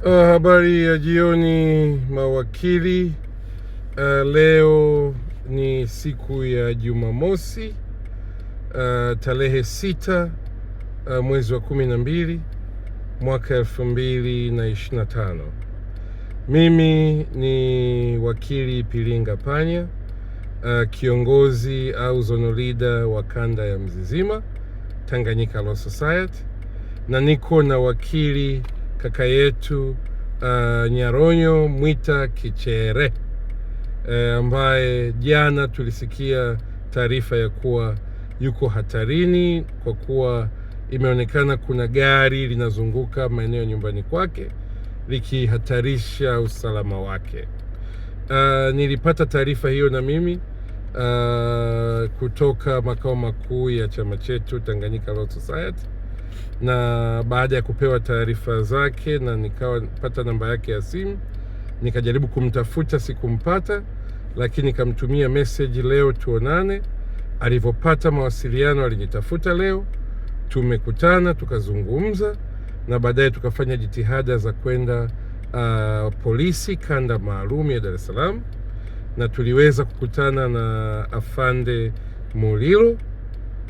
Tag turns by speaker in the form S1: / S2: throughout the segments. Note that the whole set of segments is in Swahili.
S1: Uh, habari ya jioni mawakili. Uh, leo ni siku ya Jumamosi uh, tarehe sita uh, mwezi wa kumi na mbili mwaka elfu mbili na ishirini na tano. Mimi ni wakili Pilinga Panya uh, kiongozi au zonolida wa kanda ya Mzizima Tanganyika Law Society, na niko na wakili kaka yetu uh, Nyaronyo Mwita Kichere uh, ambaye jana tulisikia taarifa ya kuwa yuko hatarini kwa kuwa imeonekana kuna gari linazunguka maeneo nyumbani kwake likihatarisha usalama wake. Uh, nilipata taarifa hiyo na mimi uh, kutoka makao makuu ya chama chetu Tanganyika Law Society na baada ya kupewa taarifa zake na nikawa pata namba yake ya simu, nikajaribu kumtafuta sikumpata, lakini nikamtumia message leo tuonane. Alivyopata mawasiliano, alinitafuta leo, tumekutana tukazungumza, na baadaye tukafanya jitihada za kwenda uh, polisi kanda maalum ya Dar es Salaam, na tuliweza kukutana na afande Mulilo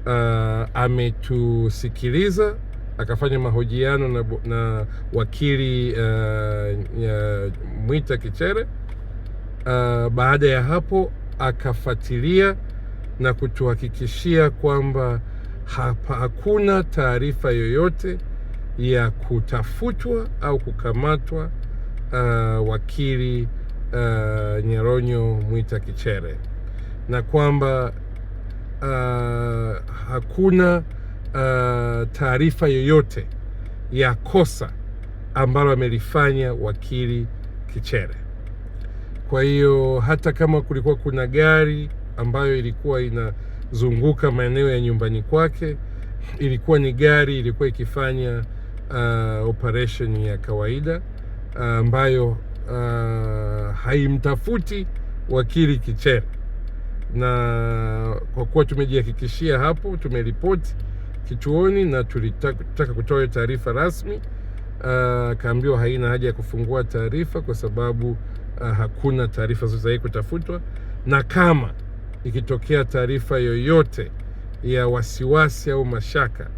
S1: uh, ametusikiliza akafanya mahojiano na, na wakili uh, Mwita Kichere uh, baada ya hapo akafuatilia na kutuhakikishia kwamba hapa hakuna taarifa yoyote ya kutafutwa au kukamatwa uh, wakili uh, Nyeronyo Mwita Kichere na kwamba uh, hakuna uh, taarifa yoyote ya kosa ambalo amelifanya wakili Kichere. Kwa hiyo hata kama kulikuwa kuna gari ambayo ilikuwa inazunguka maeneo ya nyumbani kwake, ilikuwa ni gari ilikuwa ikifanya uh, operation ya kawaida uh, ambayo uh, haimtafuti wakili Kichere na kwa kuwa tumejihakikishia hapo, tumeripoti kituoni na tulitaka kutoa taarifa rasmi. Uh, haina haja ya kufungua taarifa kwa sababu uh, hakuna taarifa zozote kutafutwa, na kama ikitokea taarifa yoyote ya wasiwasi au mashaka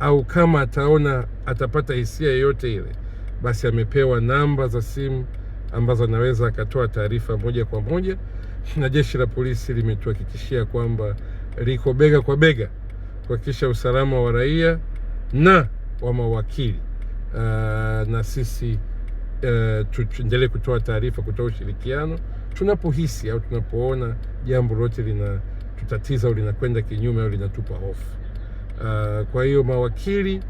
S1: au kama ataona atapata hisia yoyote ile, basi amepewa namba za simu ambazo anaweza akatoa taarifa moja kwa moja na jeshi la polisi limetuhakikishia kwamba liko bega kwa bega kuhakikisha usalama wa raia na wa mawakili. Uh, na sisi uh, tuendelee kutoa taarifa, kutoa ushirikiano tunapohisi au tunapoona jambo lote linatutatiza au linakwenda kinyume au linatupa hofu. Uh, kwa hiyo mawakili,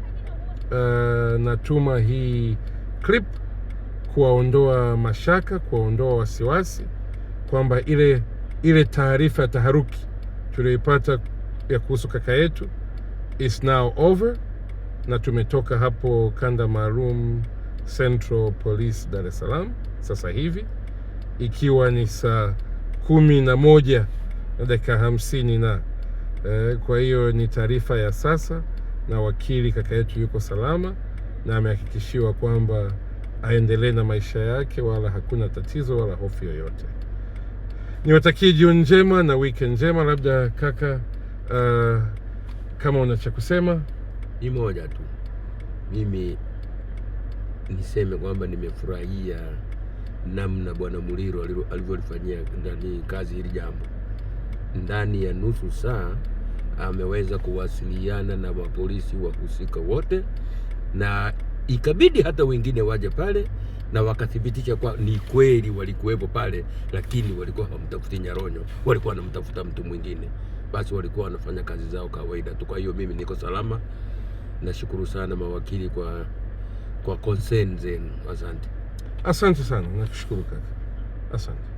S1: uh, natuma hii clip kuwaondoa mashaka, kuwaondoa wasiwasi kwamba ile ile taarifa ya taharuki tuliyoipata ya kuhusu kaka yetu is now over, na tumetoka hapo kanda maalum Central Police Dar es Salaam sasa hivi ikiwa ni saa kumi na moja na dakika hamsini na eh, kwa hiyo ni taarifa ya sasa, na wakili kaka yetu yuko salama na amehakikishiwa kwamba aendelee na maisha yake, wala hakuna tatizo wala hofu yoyote niwatakie jioni njema na weekend njema. Labda kaka, uh, kama una cha kusema?
S2: Ni moja tu, mimi niseme kwamba nimefurahia namna Bwana Muliro alivyolifanyia ndani kazi hili jambo. Ndani ya nusu saa ameweza kuwasiliana na mapolisi wahusika wote, na ikabidi hata wengine waje pale na wakathibitisha kwa ni kweli walikuwepo pale, lakini walikuwa hawamtafuti Nyaronyo, walikuwa wanamtafuta mtu mwingine. Basi walikuwa wanafanya kazi zao kawaida tu. Kwa hiyo mimi niko salama. Nashukuru sana mawakili kwa kwa concern zenu. Asante,
S1: asante sana, nakushukuru kaka, asante.